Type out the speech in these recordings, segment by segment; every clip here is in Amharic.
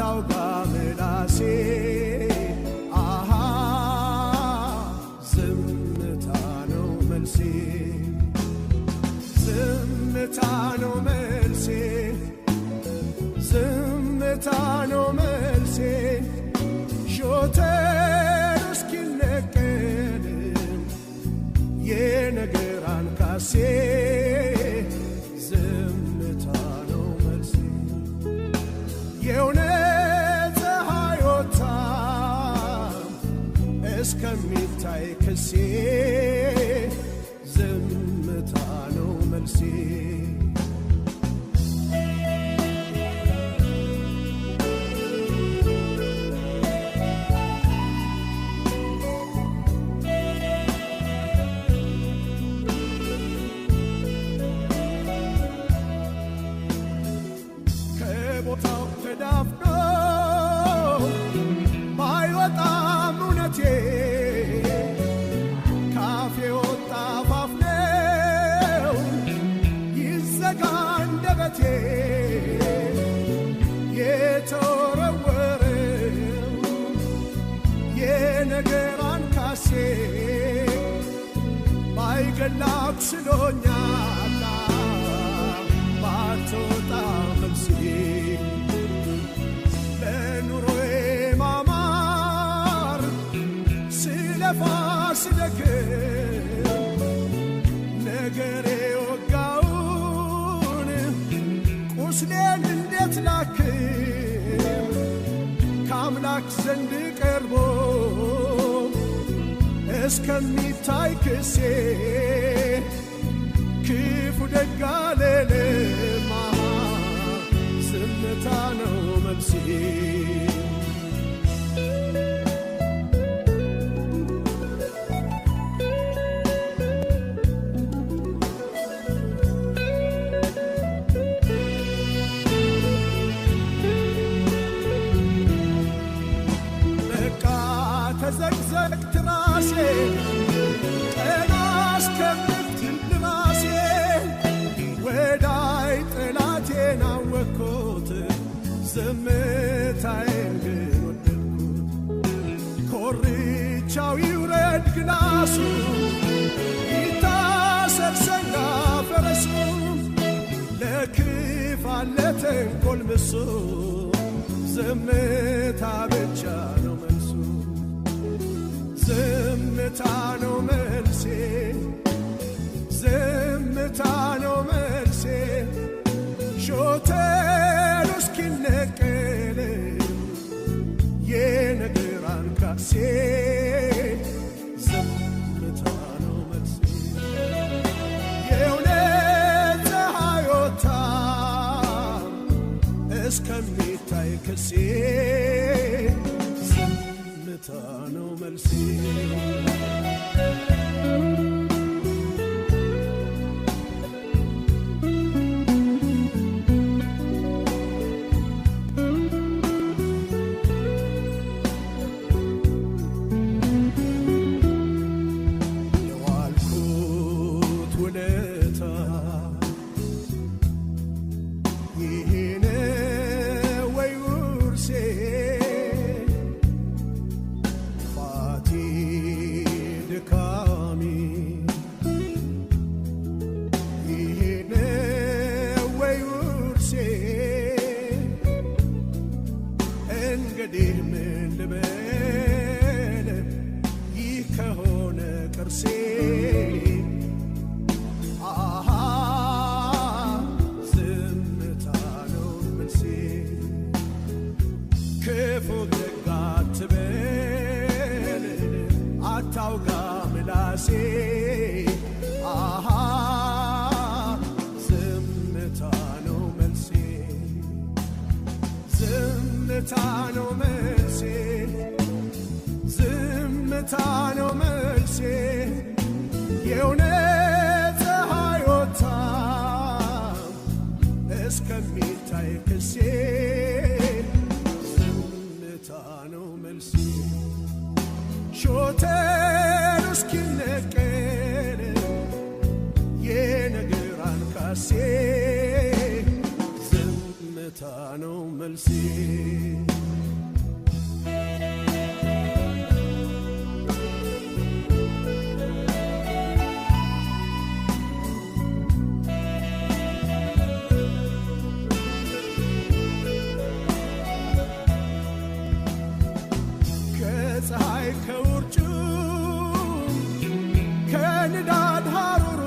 አታውጋ ምላሴ አሃ ዝምታ ነው መልሴ ዝምታ ነው መልሴ ዝምታ ነው መልሴ ሾተር እስኪነቀል የነገር አንካሴ ከሚታይ ክሴ ዝምታ ነው መልሴ እና አቁስሎኛል ባትወጣ መልስዬ ለኑሮዬ ማማር ስለፋ ስደክም ነገሬ ወጋውን ቁስሌን እንዴት ላክም ከአምላክ ዘንድ እስከሚታይ ክሴ ክፉ ደጋለልማ ዝምታ ነው መብሴ ተረኩት ዝምታዬን ወደድኩት ኮርቻው ይውረድ ግናሱ ይታሰር ፈረሱ ለክፋት ብቻ ነው መልሱ ነው ነፍሴ ዘምታ ነው መልሴ የእውነት ፀሐዮታ እስከሚታይ ክሴ ዘምታ ነው መልሴ ደስታ ነው መልሴ የእውነት ፀሐይ እስከሚታይ ክሴ ዝምታ ነው መልሴ ሾተር እስኪነቀል የነገር አንካሴ ዝምታ ነው መልሴ ከውርጩ ከንዳድ ሐሩሩ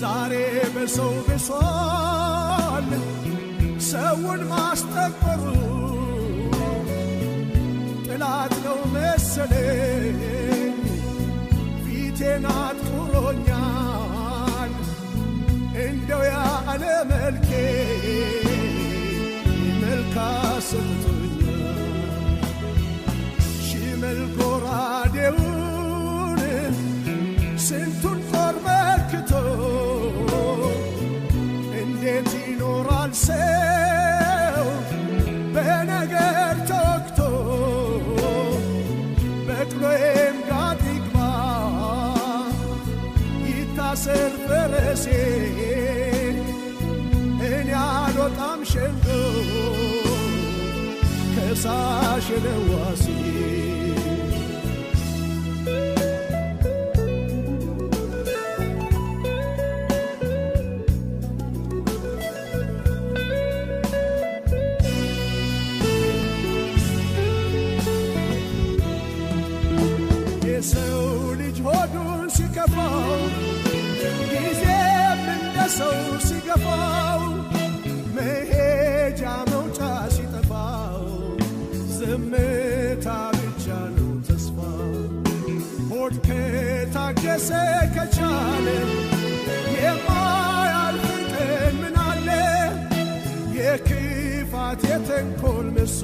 ዛሬ በሰው ብሷል ሰውን ማስጠቆሩ ጥላት ነው መሰለኝ ፊቴናት መልጎራዴውን ስንቱን ጦር መክቶ እንዴት ይኖራል ሰው በነገር ተወግቶ በቅሎዬም ጋጥ ይግባ ይታሰር ፈረሴ እኔ አልወጣም ሸንጎ ከሳሽ ለዋሴ ሲከፋው መሄጃ መውጫ ሲጠፋው ዝምታ ብቻ ነው ተስፋ ሆድ ከታገሰ ከቻለ የማያልፍ ቀን ምን አለ የክፋት የተንኮል መሶ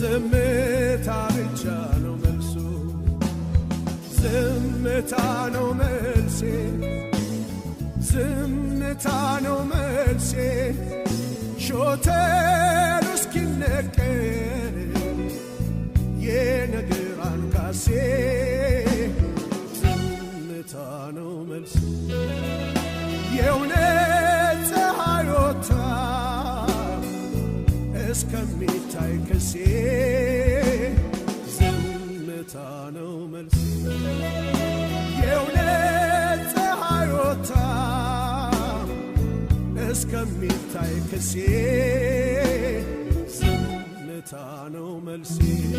ዝምታ ብቻ ነው መልሱ ዝምታ ነው መልሴ ዝምታ ነው መልሴ ሾተሉ እስኪነቀል የነገር አልቃሴ ዝምታ ነው መልሴ የእውነት ፀሐዮታ እስከሚታይ ክሴ ከሚታይ ክሴ ዝምታ ነው መልሴ